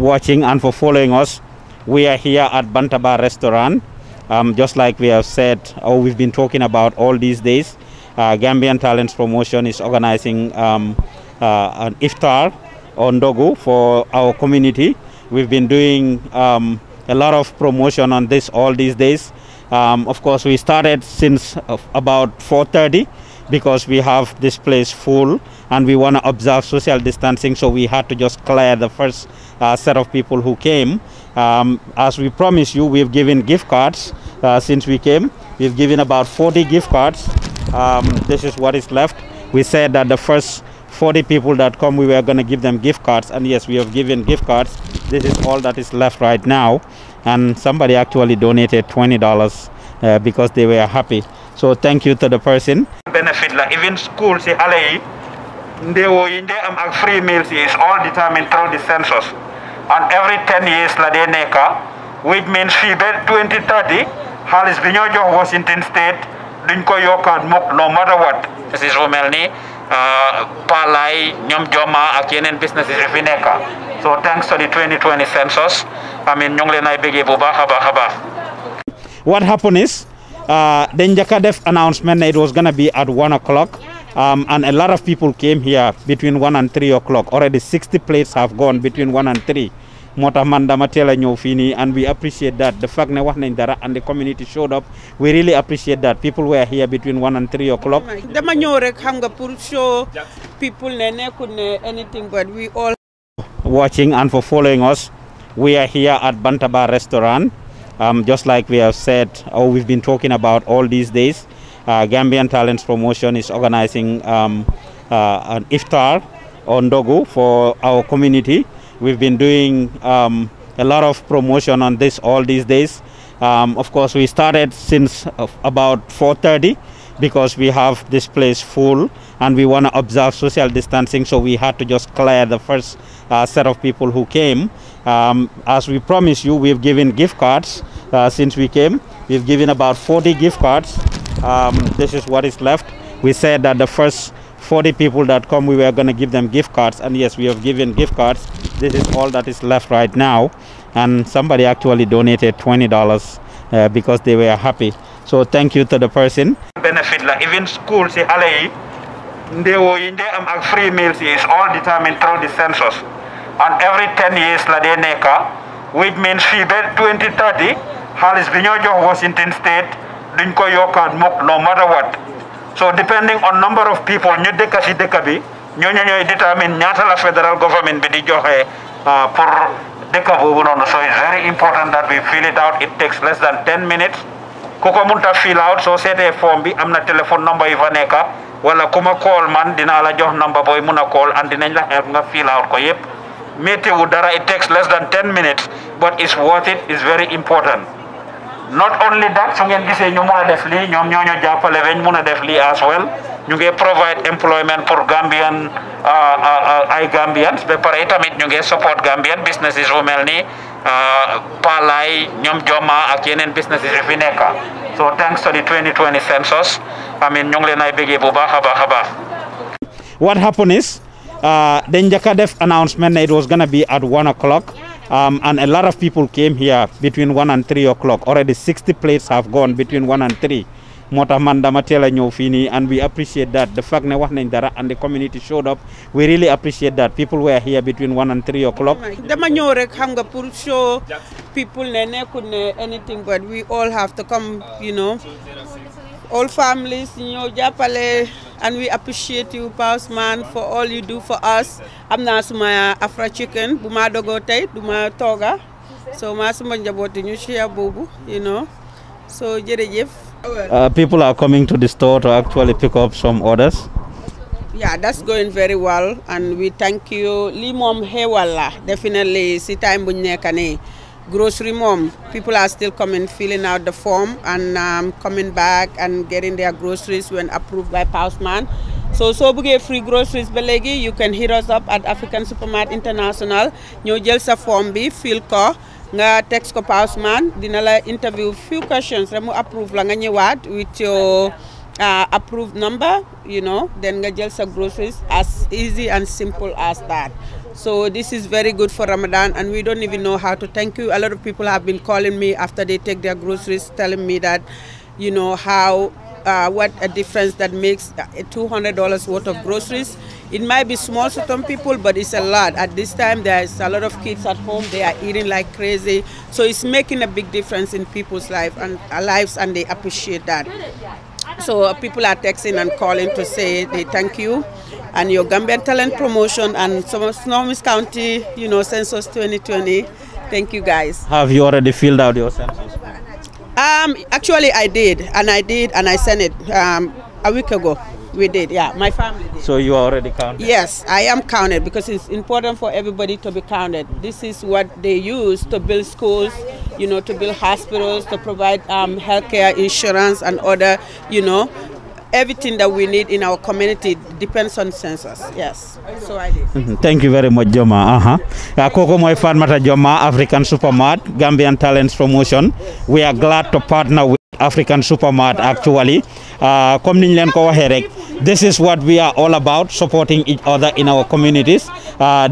watching and for following us. We are here at Bantaba Restaurant. Um, just like we have said, or we've been talking about all these days, uh, Gambian Talents Promotion is organizing um, uh, an iftar on Dogu for our community. We've been doing um, a lot of promotion on this all these days. Um, of course, we started since uh, about 4.30 because we have this place full and we want to observe social distancing so we had to just clear the first uh, set of people who came um, as we promised you we've given gift cards uh, since we came we've given about 40 gift cards um, this is what is left we said that the first 40 people that come we were going to give them gift cards and yes we have given gift cards this is all that is left right now and somebody actually donated $20 uh, because they were happy so thank you to the person benefit like even schools, the xale yi ndéwo yi ndee am free meals is all determined through the census and every 10 years la dee nekka ah, which means fii ba 2030 xaalis bi Washington state Dinko ko yokkaat no matter what this is Romelni, ah, Palai, Palay ñoom Joma ak yeneen businesses yi ah. so thanks to the 2020 census I mean ñu ngi leen ay bëggee haba baax what happened is uh, then Jaka announcement it was going to be at 1 o'clock. Um, and a lot of people came here between 1 and 3 o'clock. Already 60 plates have gone between 1 and 3. Mota Manda Matela and we appreciate that the fact that wax and the community showed up we really appreciate that people were here between one and three o'clock The ñëw rek xam show people ne not anything but we all watching and for following us we are here at Bantaba restaurant um, just like we have said, or we've been talking about all these days, uh, Gambian Talents Promotion is organizing um, uh, an iftar on Dogo for our community. We've been doing um, a lot of promotion on this all these days. Um, of course, we started since about 4.30 because we have this place full and we want to observe social distancing so we had to just clear the first uh, set of people who came um, as we promised you we've given gift cards uh, since we came. We've given about 40 gift cards. Um, this is what is left. We said that the first 40 people that come, we were going to give them gift cards. And yes, we have given gift cards. This is all that is left right now. And somebody actually donated $20 uh, because they were happy. So thank you to the person. Benefit like even schools, say they will am free meals is all determined through the census. And every 10 years, which means 2030, xaalis bi jox Washington state duñ ko yokkaat Mok. no matter what so depending on number of people ñu dëkka si dëkka bi ñooñu ñooy détermine ñaata la federal government bi di joxe uh, pour dëkka boobu noonu so it's very important that we fill it out it takes less than 10 minutes ku ko munta fill out soo seetee form bi am na téléphone number yi fa nekka wala ku call man dinaa la jox number booy mun a call and dinañ la help nga fill out ko yëpp météo dara it takes less than 10 minutes but it's worth it it's very important not only that su ngeen gisee ñu mun a def li ñoom ñoo ñu jàppale ba ñu mun a def lii as well ñu ngi provide employment pour Gambian ah, ah, ah, ay Gambians ba pare tamit ñu ngi support Gambian businesses yu mel ni Palaay ñoom Joma ak yeneen businesses yu fi nekk so thanks to the 2020 census amiin ñu ngi leen ay bëggee bu baax a baax a baax. What happened is dañ njëkk def announcement ne it was gonna be at one o'clock. Um, a lot of people came here between one and three o'clock already 60 plates have gone between one and three moo tax man dama teel a ñëw fii nii and we appreciate that the fact ne wax nañ dara and the community showed up we really appreciate that people were here between one and three o'clock oh dama ñëw rek xam show people ne nekkul ne anything but we all have to come you know all families ñëw jàppale and we appreciate you Pa Ousmane for all you do for us am naa suma afra chicken bu ma dogoo tey du ma tooga so maa suma njabooti ñu share boobu you know so jërëjëf uh, people are coming to the store to actually pick up some orders. Yeah, that's going very well, and we thank you. Limom Hewala, definitely. Si time bunyekane. grocery mom. People are still coming, filling out the form and um, coming back and getting their groceries when approved by Postman. so we get free groceries ba you can hit us up at African Supermart International New jël sa form bi fill ko nga text ko Postman dina interview few questions rek mu approve la nga with your uh, approved number you know then get yourself groceries as easy and simple as that so this is very good for Ramadan and we don't even know how to thank you a lot of people have been calling me after they take their groceries telling me that you know how uh, what a difference that makes uh, $200 worth of groceries. It might be small to some people, but it's a lot. At this time, there's a lot of kids at home. They are eating like crazy. So it's making a big difference in people's life and, uh, lives, and they appreciate that. So uh, people are texting and calling to say they thank you. And your Gambian Talent Promotion and some Snohomish County, you know, Census 2020. Thank you guys. Have you already filled out your census? Um, actually, I did, and I did, and I sent it um, a week ago. We did, yeah, my family did. So you are already counted? Yes, I am counted because it's important for everybody to be counted. This is what they use to build schools, you know, to build hospitals, to provide um, healthcare insurance and other, you know, everything that we need in our community depends on census yes so I did. Mm -hmm. thank you very much Joma uh -huh. uh, koko moy Joma African Supermart Gambian Talents Promotion we are glad to partner with African Supermart actually uh, this is what we are all about supporting each other in our communities uh,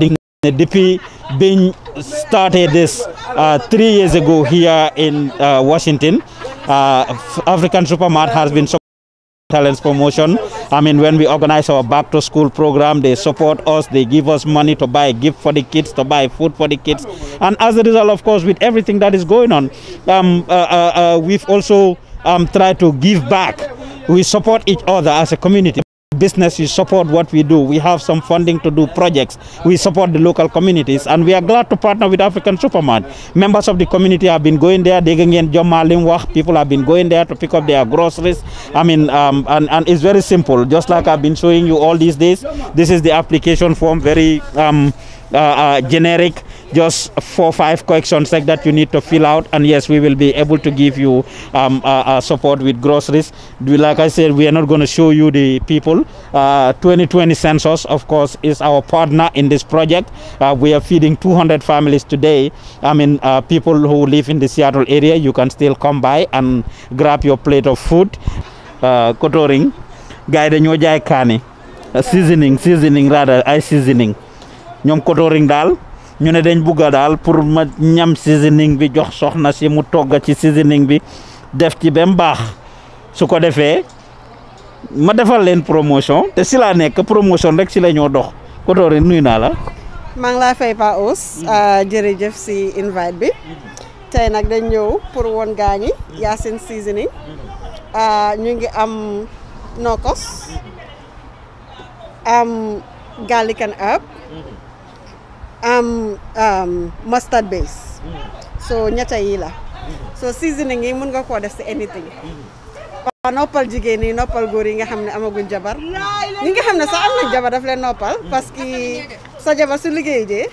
started this uh, three years ago here in uh, Washington. Uh, African Supermart has been talents promotion. I mean, when we organize our back to school program, they support us, they give us money to buy a gift for the kids, to buy food for the kids. And as a result, of course, with everything that is going on, um, uh, uh, we've also um, tried to give back. We support each other as a community businesses support what we do. We have some funding to do projects. We support the local communities, and we are glad to partner with African Supermart. Members of the community have been going there. digging Degengien Jomalimwah, people have been going there to pick up their groceries. I mean, um, and, and it's very simple. Just like I've been showing you all these days, this is the application form, very um, uh, uh, generic just four five questions like that you need to fill out and yes we will be able to give you um, uh, uh, support with groceries like i said we are not going to show you the people uh, 2020 census of course is our partner in this project uh, we are feeding 200 families today i mean uh, people who live in the seattle area you can still come by and grab your plate of food uh, kotoring guy dañoo jai kani seasoning seasoning rather I seasoning ñoom kotoring dal. ñu ne dañ bugga dal pour ma ñam seasoning bi jox soxna si mu togg ci seasoning bi def ci bem defe, su ko defé ma defal len promotion té si la nek promotion rek si lañu dox ko doore nuy na la ma ngi fay Pa jere jef ci invite bi mm-hmm. tay nak dañ ñew pour woon gaañi seasoning mm-hmm. ah, ñu ngi am nokos mm-hmm. am galikan and um, um, mustard base mm. so nyata yi so seasoning ini mungkin nga ada si anything noppal mm. Nopal juga ini nopal goreng nga hamne ne jabar Nih nga xam ne sax jabar dafle nopal pas ki que sa jabar su liggéey jee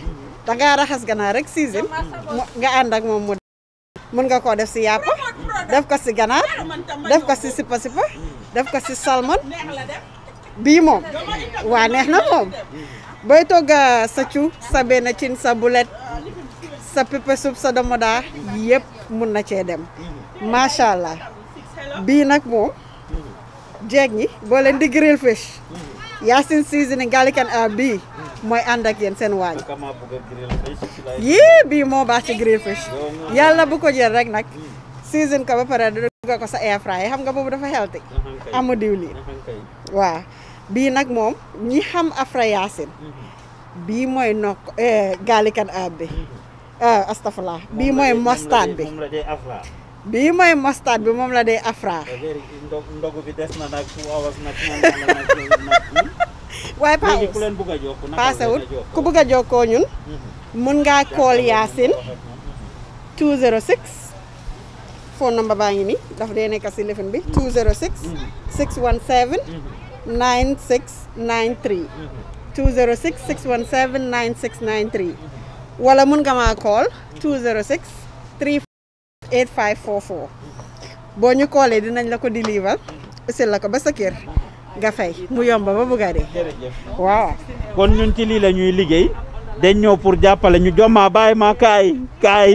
da ngaa season nga ànd mau mud. Mungkin kau ada siapa? def si yàpp def ko si def sipa sipa mm. def ko salmon bii moom waa neex na moom booy togg euh, sa cu sa benn cin sa bulet sa pepe soup sa domoda yëpp mun na cee dem macha allah bii nag moom jeeg ñi boo leen di grill fish Yacine seasoning garlic bii mooy ànd ak yéen seen waañ yii bii moo baax ci grill fish yàlla bu ko jël rek nag season ko ba pare dugal ko sa air fryer xam nga boobu dafa healthy amu diwlin waaw bii nag moom ñi xam Afra Yacine mm-hmm. bii mooy nokk eh, gaalikan aab bi mm-hmm. ah, astafurlah bii mooy mostaat bi bi moom la day Afra eh, ndogu bi des hmm? ku bëgg a jokkoo ñun mm-hmm. mun ngaa kool Yacine 206 phone number baa ngi nii daf dee nekk si lifin bi 206 617 9693 206 617 9693 wala mun nga maa call 206 3 8544 boo ñu koolee dinañ la ko deliver usil la ko ba sa kër nga fay mu yomba ba bugga dee waaw kon ñun ci lii la ñuy liggéey dañ ñëw pour jàppale ñu jommaa bàyyi ma kaay kaay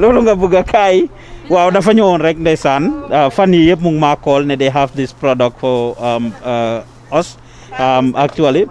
loolu nga bëgg a kaay waaw dafa ñëwoon rek ndeysaan ah, fan yi yëpp mu ngi maa call ne they have this product for um, uh, us um, actually